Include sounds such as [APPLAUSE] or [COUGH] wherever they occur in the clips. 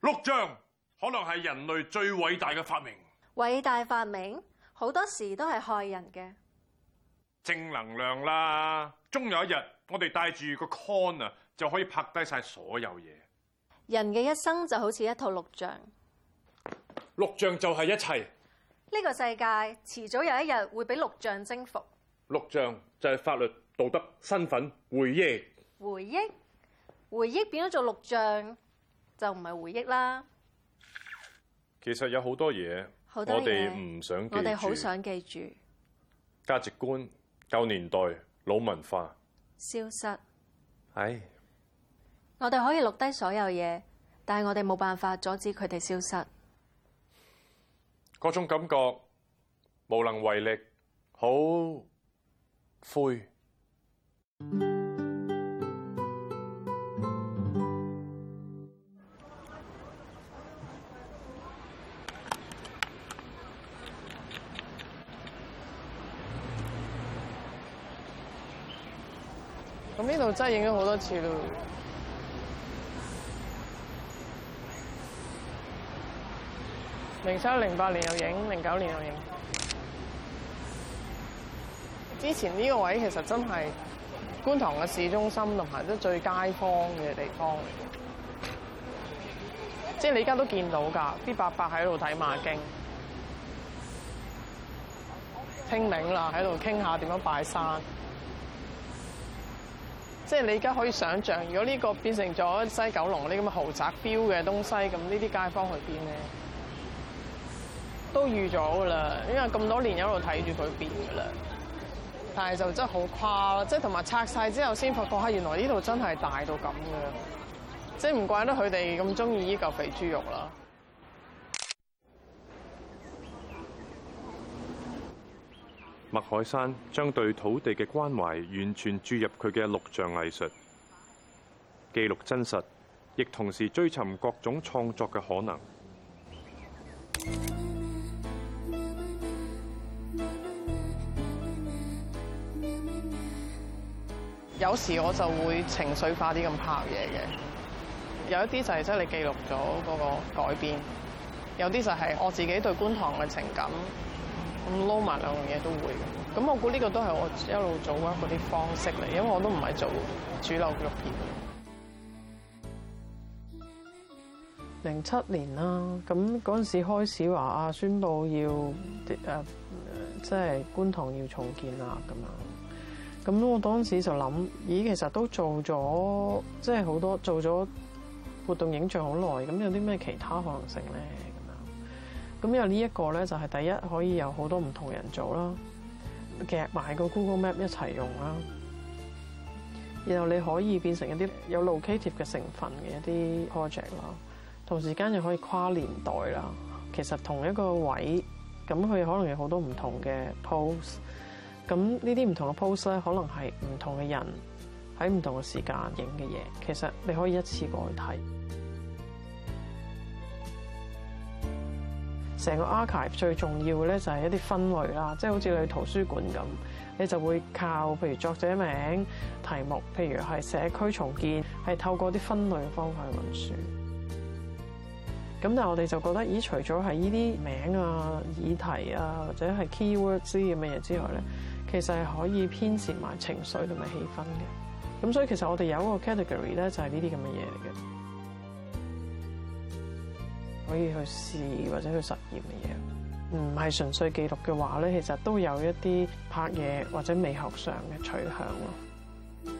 錄像可能係人類最偉大嘅發明。偉大發明好多時都係害人嘅。正能量啦，終有一日我哋帶住個 con 啊，就可以拍低晒所有嘢。人嘅一生就好似一套錄像。錄像就係一切。呢個世界遲早有一日會俾錄像征服。錄像就係法律、道德、身份、回憶。回憶，回憶變咗做錄像。就唔係回憶啦。其實有好多嘢，我哋唔想記住。我哋好想記住價值觀、舊年代、老文化消失。唉，我哋可以錄低所有嘢，但係我哋冇辦法阻止佢哋消失。嗰種感覺無能為力，好灰。我真係影咗好多次咯，零七、零八年有影，零九年有影。之前呢個位其實真係觀塘嘅市中心，同埋都係最街坊嘅地方即係 [LAUGHS] 你而家都見到㗎，啲伯伯喺度睇馬經，清明啦，喺度傾下點樣拜山。即係你而家可以想像，如果呢個變成咗西九龍呢啲咁嘅豪宅標嘅東西，咁呢啲街坊去邊咧？都預咗噶啦，因為咁多年一路睇住佢變噶啦。但係就真係好誇，即係同埋拆晒之後先發覺，係原來呢度真係大到咁嘅，即係唔怪得佢哋咁中意依嚿肥豬肉啦。麥海珊將對土地嘅關懷完全注入佢嘅錄像藝術，記錄真實，亦同時追尋各種創作嘅可能。有時我就會情緒化啲咁拍嘢嘅，有一啲就係即係你記錄咗嗰個改變，有啲就係我自己對觀塘嘅情感。咁撈埋兩樣嘢都會，咁我估呢個都係我一路做嗰啲方式嚟，因為我都唔係做主流錄像。零七年啦，咁嗰陣時開始話啊，宣佈要誒，即係觀塘要重建啊咁樣。咁我當時就諗，咦，其實都做咗，即係好多做咗活動影像好耐，咁有啲咩其他可能性咧？咁有呢一個咧，就係第一可以有好多唔同人做啦，夾埋個 Google Map 一齊用啦。然後你可以變成一啲有 locative 嘅成分嘅一啲 project 啦，同時間又可以跨年代啦。其實同一個位，咁佢可能有好多唔同嘅 pose。咁呢啲唔同嘅 pose 咧，可能係唔同嘅人喺唔同嘅時間影嘅嘢。其實你可以一次過去睇。成個 archive 最重要嘅咧就係一啲分類啦，即係好似你去圖書館咁，你就會靠譬如作者名、題目，譬如係社區重建，係透過啲分類嘅方法去揾書。咁但係我哋就覺得，咦？除咗係呢啲名啊、議題啊，或者係 keywords 咁嘅嘢之外咧，其實係可以編譯埋情緒同埋氣氛嘅。咁所以其實我哋有一個 category 咧，就係呢啲咁嘅嘢嚟嘅。可以去試或者去實驗嘅嘢，唔係純粹記錄嘅話咧，其實都有一啲拍嘢或者美學上嘅取向咯。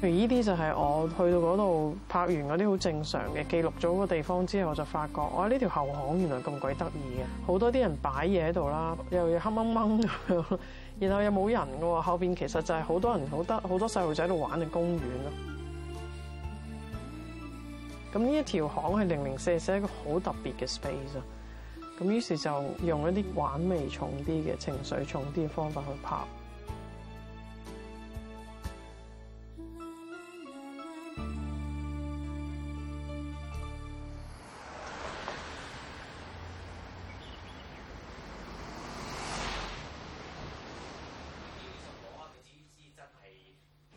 譬如依啲就係我去到嗰度拍完嗰啲好正常嘅記錄咗個地方之後，我就發覺，哇！呢條後巷原來咁鬼得意嘅，好多啲人擺嘢喺度啦，又要黑掹掹咁樣， [LAUGHS] 然後又冇人嘅喎，後邊其實就係好多人好得好多細路仔喺度玩嘅公園咯。咁呢一條巷係零零舍舍一個好特別嘅 space 啊！咁於是就用一啲玩味重啲嘅、情緒重啲嘅方法去拍。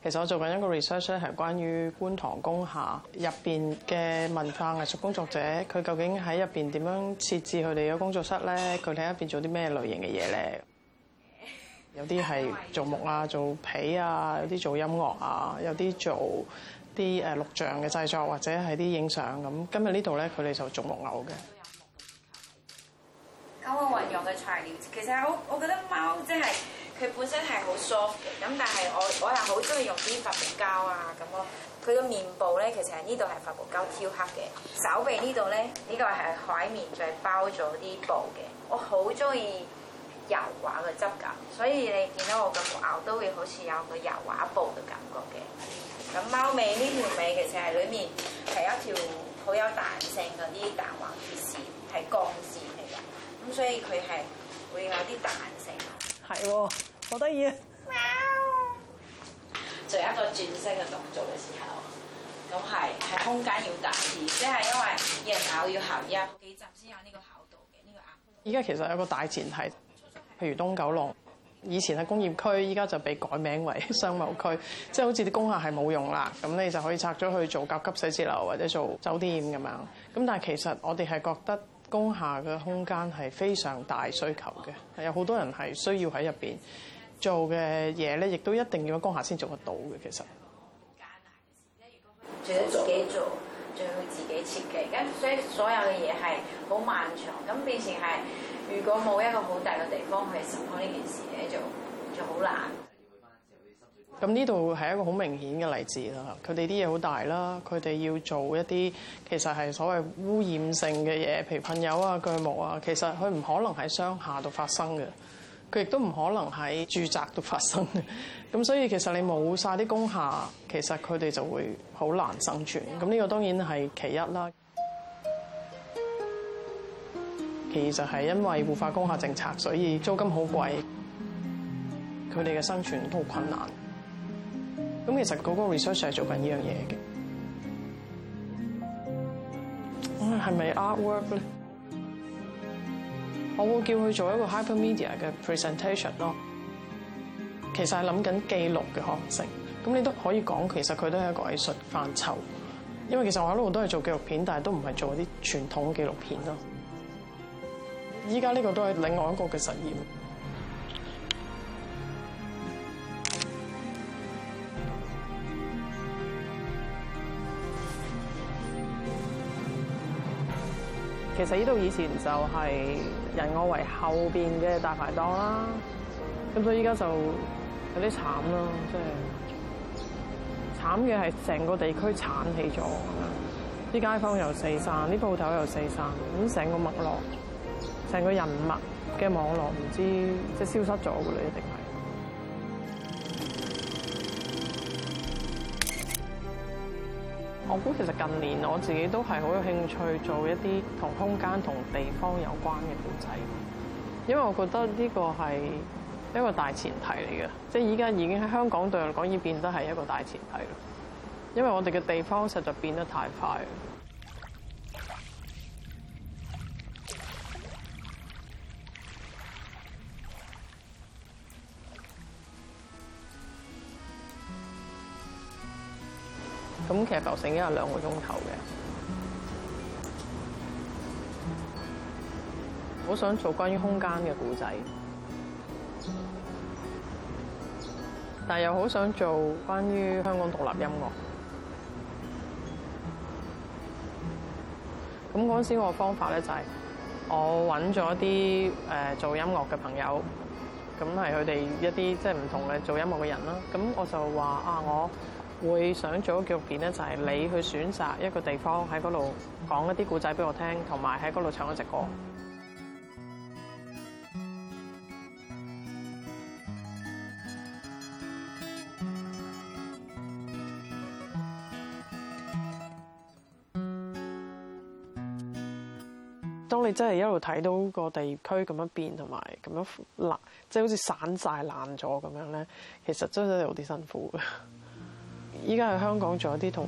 其實我做緊一個 research 咧，係關於觀塘工廈入邊嘅文化藝術工作者，佢究竟喺入邊點樣設置佢哋嘅工作室咧？佢喺入邊做啲咩類型嘅嘢咧？ [LAUGHS] 有啲係做木啊、做皮啊，有啲做音樂啊，有啲做啲誒錄像嘅製作或者係啲影相咁。今日呢度咧，佢哋就做木偶嘅。咁啊，運用嘅材料，其實我我覺得貓即係。佢本身係好 soft 嘅，咁但係我我又好中意用啲發泡膠啊咁咯。佢個面部咧，其實係呢度係發泡膠挑黑嘅。手臂這裡呢度咧，呢、這個係海綿再包咗啲布嘅。我好中意油畫嘅質感，所以你見到我嘅木偶都會好似有個油畫布嘅感覺嘅。咁貓尾呢條尾其實係裏面係一條好有彈性嗰啲彈簧鐵線，係鋼線嚟嘅，咁所以佢係會有啲彈性的。係。好得意。做一個轉身嘅動作嘅時候，咁係喺空間要大啲，即係因為一考要行一幾集先有呢個考度嘅呢個壓。依家其實有個大前提，譬如東九龍以前係工業區，依家就被改名為商務區，即係好似啲工廈係冇用啦，咁你就可以拆咗去做甲級寫字樓或者做酒店咁樣。咁但係其實我哋係覺得工廈嘅空間係非常大需求嘅，有好多人係需要喺入邊。做嘅嘢咧，亦都一定要喺工廈先做得到嘅。其實，好艱難嘅事，除咗自己做，仲要自己設計。咁所以所有嘅嘢係好漫長。咁變成係，如果冇一個好大嘅地方去實踐呢件事咧，就就好難。咁呢度係一個好明顯嘅例子啦。佢哋啲嘢好大啦，佢哋要做一啲其實係所謂污染性嘅嘢，譬如噴油啊、鋸木啊，其實佢唔可能喺商廈度發生嘅。佢亦都唔可能喺住宅度發生嘅，咁 [LAUGHS] 所以其實你冇曬啲工廈，其實佢哋就會好難生存。咁呢個當然係其一啦。其實就係因為活化工廈政策，所以租金好貴，佢哋嘅生存都好困難。咁其實嗰個 research 係做緊呢樣嘢嘅。係咪 artwork 咧？我會叫佢做一個 hypermedia 嘅 presentation 咯，其實係諗緊記錄嘅可能性。咁你都可以講，其實佢都係一個藝術範疇，因為其實我一路都係做紀錄片，但係都唔係做啲傳統紀錄片咯。依家呢個都係另外一個嘅實驗。其實呢度以前就係人我為後面嘅大排檔啦，咁所以依家就有啲慘咯，即係慘嘅係成個地區鏟起咗，啲街坊又四散，啲鋪頭又四散，咁成個脈絡，成個人脈嘅網絡唔知即係消失咗㗎啦一定。我估其實近年我自己都係好有興趣做一啲同空間同地方有關嘅古仔，因為我覺得呢個係一個大前提嚟嘅，即係依家已經喺香港對我嚟講已經變得係一個大前提，因為我哋嘅地方實在變得太快。咁其實頭先已經係兩個鐘頭嘅，好想做關於空間嘅故仔，但係又好想做關於香港獨立音樂。咁嗰陣時，我嘅方法咧就係我揾咗啲誒做音樂嘅朋友，咁係佢哋一啲即係唔同嘅做音樂嘅人啦。咁我就話啊，我，會想做嘅嘢咧，就係你去選擇一個地方，喺嗰度講一啲故仔俾我聽，同埋喺嗰度唱一隻歌。 [MUSIC] 當你真係一路睇到個地區咁樣變，同埋咁樣爛，即係好似散晒爛咗咁樣咧，其實真係有啲辛苦嘅。 [LAUGHS] 依家喺香港做一啲同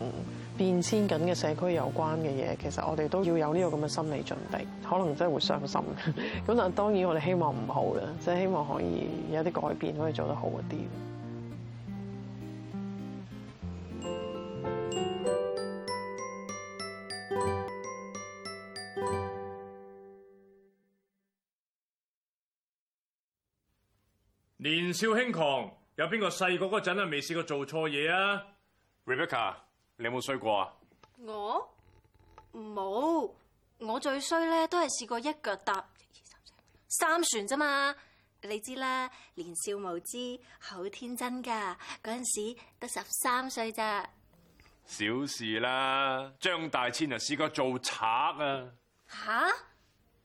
變遷緊嘅社區有關嘅嘢，其實我哋都要有呢個咁嘅心理準備，可能真係會傷心。咁但係當然我哋希望唔好啦，即係希望可以有啲改變可以做得好一啲。年少輕狂，有邊個細個嗰陣未試過做錯嘢啊？Rebecca，你有冇衰過啊？我冇，我最衰咧都係試過一腳踏三船啫嘛。你知啦，年少無知，好天真噶，嗰陣時得十三歲咋。小事啦，張大千就試過做賊啊。吓，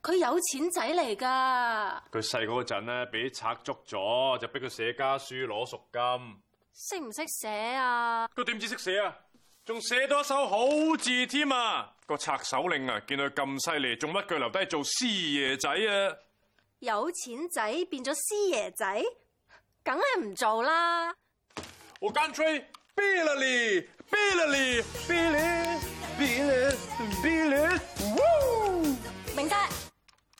佢有錢仔嚟噶。佢細個嗰陣咧，俾賊捉咗，就逼佢寫家書攞贖金。識唔識寫啊？佢點知識寫啊？仲寫到一首好字添啊！個賊首領啊，見到佢咁犀利，做乜嘢腳留低做師爺仔啊？有錢仔變咗師爺仔，梗係唔做啦！我間吹 r e e Billy Billy Billy Billy Billy Billy，嗚！明白，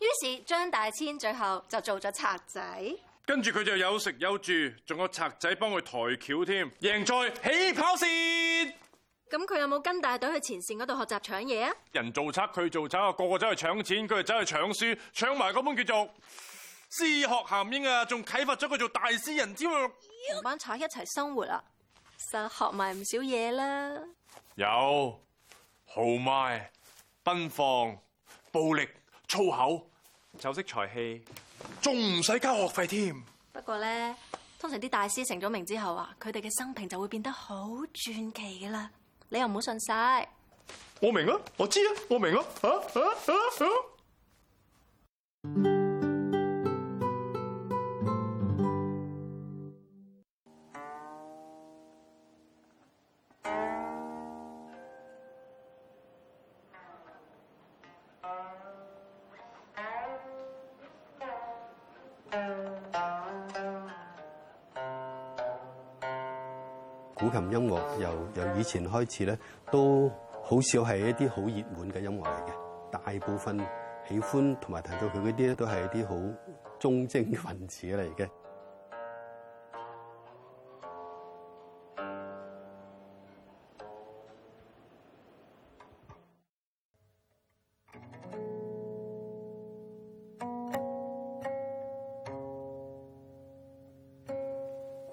於是張大千最後就做咗賊仔。跟住佢就有食有住，仲有賊仔幫佢抬轎添。贏在起跑線。咁佢有冇跟大隊去前線嗰度學習搶嘢啊？人做賊，佢做賊啊，個個走去搶錢，佢又走去搶書，搶埋嗰本叫做《詩學含英》啊，仲啟發咗佢做大詩人之。同班賊一齊生活啦，啊，實學埋唔少嘢啦。有豪邁、奔放、暴力、粗口、酒色財氣。仲唔使交學費添？不過咧，通常啲大師成咗名之後啊，佢哋嘅生平就會變得好傳奇㗎喇。你又唔好信晒。我明啊，我知啊，我明啊，啊啊古琴音樂由由以前開始咧，都好少係一啲好熱門嘅音樂嚟嘅。大部分喜歡同埋提到佢嗰啲咧，都係一啲好忠貞嘅分子嚟嘅。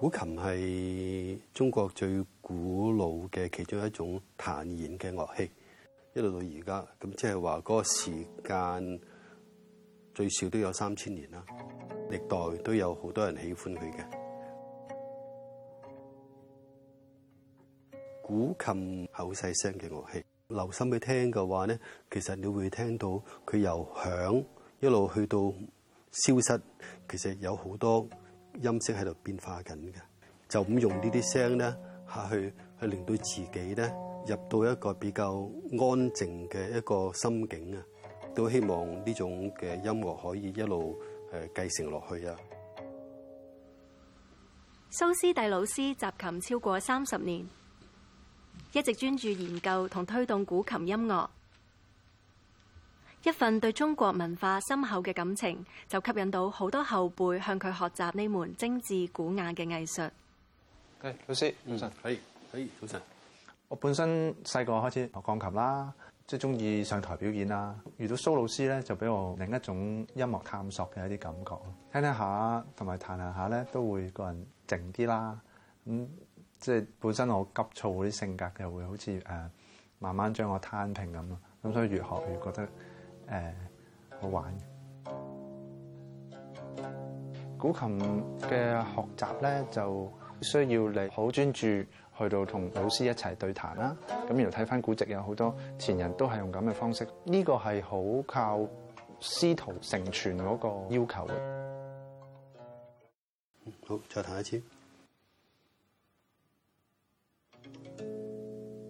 [MUSIC] 古琴係，中國最古老嘅其中一種彈弦嘅樂器，一直，一路到而家，咁即係話嗰個時間最少都有三千年啦。歷代都有好多人喜歡佢嘅。古琴係好細聲嘅樂器，留心去聽嘅話咧，其實你會聽到佢由響一路去到消失，其實有好多音色喺度變化緊嘅。就咁用呢啲聲呢，下去去令到自己呢，入到一個比較安靜嘅一個心境啊。都希望呢種嘅音樂可以一路繼承落去啊。蘇思棣老師習琴超過三十年，一直專注研究同推動古琴音樂。一份對中國文化深厚嘅感情，就吸引到好多後輩向佢學習呢門精緻古雅嘅藝術。誒，老師，早晨。係，係，早晨。我本身細個開始學鋼琴啦，即係中意上台表演啦。遇到蘇老師咧，就俾我另一種音樂探索嘅一啲感覺。聽聽下同埋彈下咧，都會個人靜啲啦。咁即係本身我急躁啲性格嘅，會好似誒慢慢將我攤平咁啊。咁所以越學越覺得誒、呃、好玩。古琴嘅學習咧就～需要你好專注去到同老師一齊對彈啦，咁然後睇翻古籍，有好多前人都係用咁嘅方式，呢個係好靠師徒承傳嗰個要求嘅。好，再彈一次。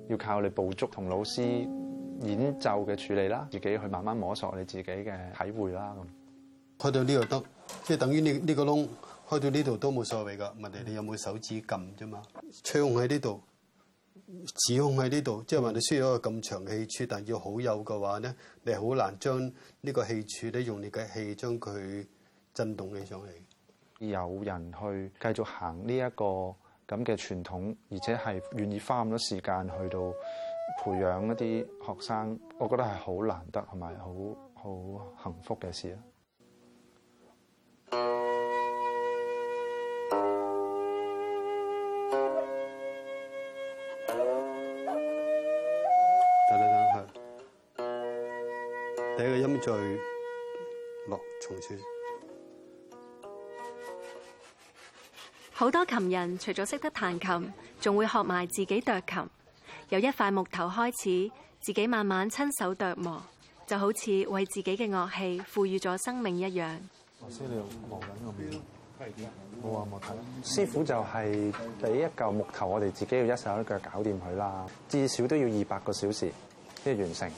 要靠你捕捉同老師演奏嘅處理啦，自己去慢慢摸索你自己嘅體會啦。咁，去到呢度，得，即係等於呢呢個窿。開到呢度都冇所謂㗎，問題你，你有冇手指撳啫嘛？吹孔喺呢度，指孔喺呢度，即係話你需要一個咁長嘅氣柱，但係要好幼嘅話咧，你好難將呢個氣柱咧用你嘅氣將佢震動起上嚟。有人去繼續行呢一個咁嘅傳統，而且係願意花咁多時間去到培養一啲學生，我覺得係好難得同埋好好幸福嘅事啊！最落重聚，好多琴人除咗識得彈琴，仲會學埋自己斲琴。由一塊木頭開始，自己慢慢親手琢磨，就好似為自己嘅樂器賦予咗生命一樣。老師，你忙緊個錶，係點啊？我話冇睇。師傅就係俾一嚿木頭，我哋自己要一手一腳搞掂佢啦。至少都要二百個小時先完成。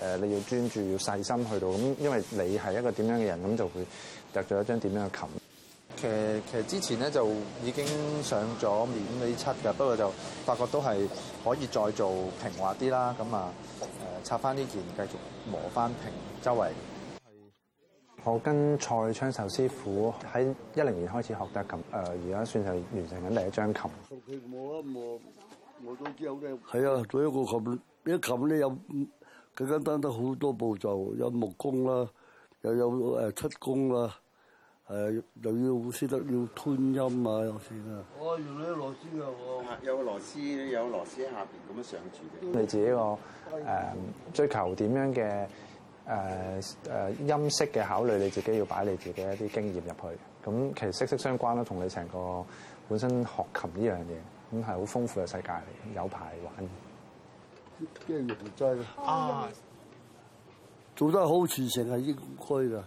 誒，你要專注，要細心去到咁，因為你係一個點樣嘅人，咁就會揼咗一張點樣嘅琴。其實其實之前咧就已經上咗免尾漆㗎，不過就發覺都係可以再做平滑啲啦。咁啊，誒擦翻啲弦，繼續磨翻平周圍。我跟蔡昌壽師傅喺一零年開始學得琴，誒而家算係完成緊第一張琴。佢磨啊磨，我都知好靚。係啊，做一個琴啲琴咧有。佢簡單得好多步驟，有木工啦，又有漆工啦，又要識得要吞音啊，有啲啊。哦，原來有螺絲㗎喎，有螺絲，哦、有個螺絲喺下面咁樣上住嘅。你自己個、呃、追求點樣嘅誒、呃呃、音色嘅考慮，你自己要擺你自己一啲經驗入去。咁其實息息相關啦，同你成個本身學琴呢樣嘢，咁係好豐富嘅世界嚟，有排玩。驚溶劑啊！做得好，傳承係應該噶，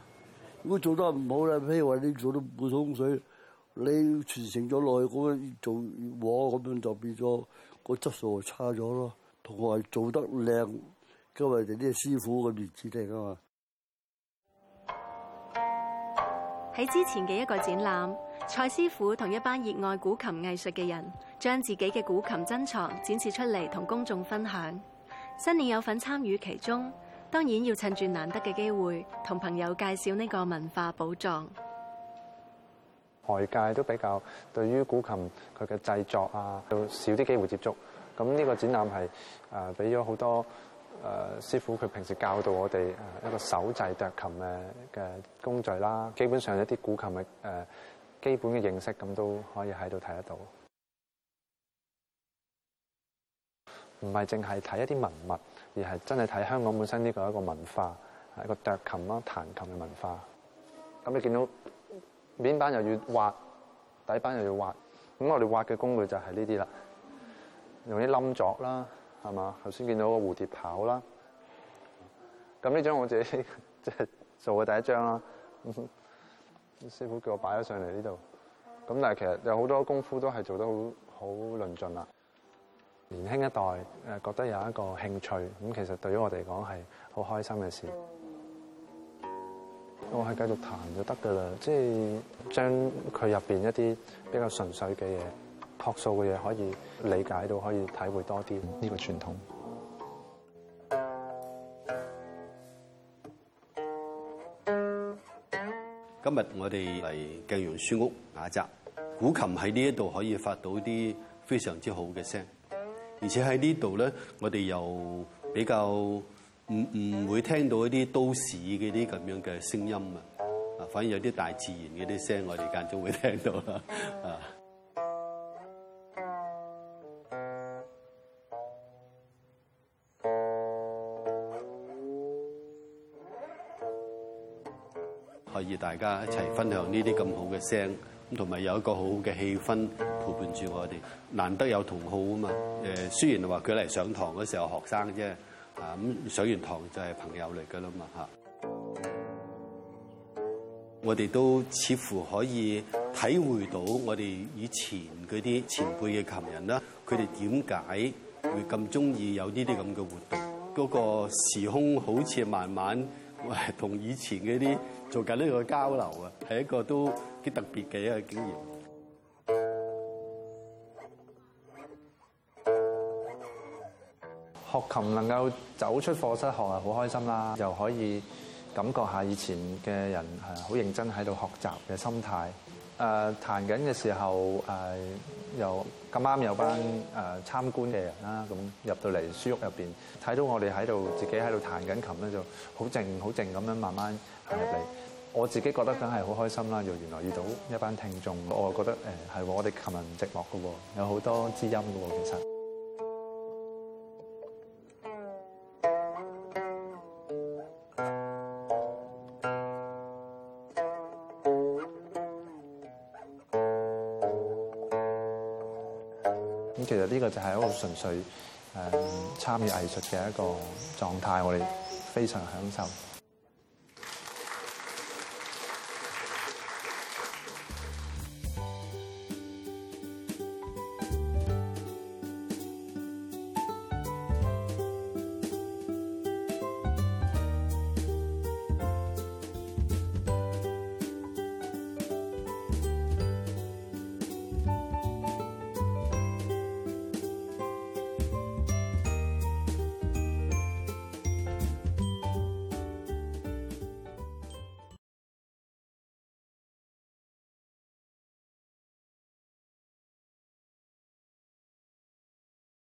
如果做得唔好咧，譬如話你做得半桶水，你傳承咗落去，做畫咁樣就變咗個質素就差咗咯。同埋做得靚，都係哋啲師傅嘅面子嚟噶嘛。喺之前嘅一個展覽。蔡師傅同一班熱愛古琴藝，藝術嘅人，將自己嘅古琴珍藏展示出嚟，同公眾分享。新年有份參與其中，當然要趁住難得嘅機會，同朋友介紹呢個文化寶藏。外界都比較對於古琴佢嘅製作啊，有少啲機會接觸。咁呢個展覽係誒俾咗好多誒、呃、師傅佢平時教導，我哋、呃、一個手製斲琴嘅嘅工序啦。基本上一啲古琴嘅誒。呃基本嘅認識咁都可以喺度睇得到，唔係淨係睇一啲文物，而係真係睇香港本身呢個係一個文化，係一個剁琴啦、彈琴嘅文化。咁你見到面板又要畫，底板又要畫，咁我哋畫嘅工具就係呢啲啦，用啲冧鑿啦，係嘛？頭先見到個蝴蝶跑啦，咁呢張我自己即 [LAUGHS] 係做嘅第一張啦。師傅叫我擺咗上嚟呢度，咁但係其實有好多功夫都係做得好好論盡啦。年輕一代誒覺得有一個興趣，咁其實對於我哋講係好開心嘅事。我係繼續彈就得㗎啦，即係將佢入邊一啲比較純粹嘅嘢、樸素嘅嘢，可以理解到，可以體會多啲呢個傳統。今日我哋嚟鏡陽書屋雅宅，古琴喺呢一度可以發到啲非常之好嘅聲，而且喺呢度咧，我哋又比較唔唔會聽到一啲都市嘅啲咁樣嘅聲音啊，啊，反而有啲大自然嘅啲聲，我哋間中會聽到啦，啊。 [LAUGHS] 大家一齊分享呢啲咁好嘅聲，咁同埋有一個好好嘅氣氛陪伴住我哋，難得有同好啊嘛！誒、呃，雖然話佢嚟上堂嗰時候學生啫，啊咁上完堂就係朋友嚟噶啦嘛嚇。 [MUSIC] 我哋都似乎可以體會到我哋以前嗰啲前輩嘅琴人啦，佢哋點解會咁中意有呢啲咁嘅活動？嗰個時空好似慢慢～喂，同以前嗰啲做緊呢個交流啊，係一個都幾特別嘅一個經驗。學琴能夠走出課室學，係好開心啦，又可以感覺下以前嘅人係好認真喺度學習嘅心態。誒、呃、彈緊嘅時候，誒又咁啱有班誒、呃、參觀嘅人啦，咁入到嚟書屋入面，睇到我哋喺度自己喺度彈緊琴咧，就好靜好靜咁樣慢慢行入嚟。我自己覺得梗係好開心啦，又原來遇到一班聽眾，我覺得係、呃、我哋琴日唔寂寞嘅喎，有好多知音㗎喎，其實。就係、是、一個純粹誒參與藝術嘅一個狀態，我哋非常享受。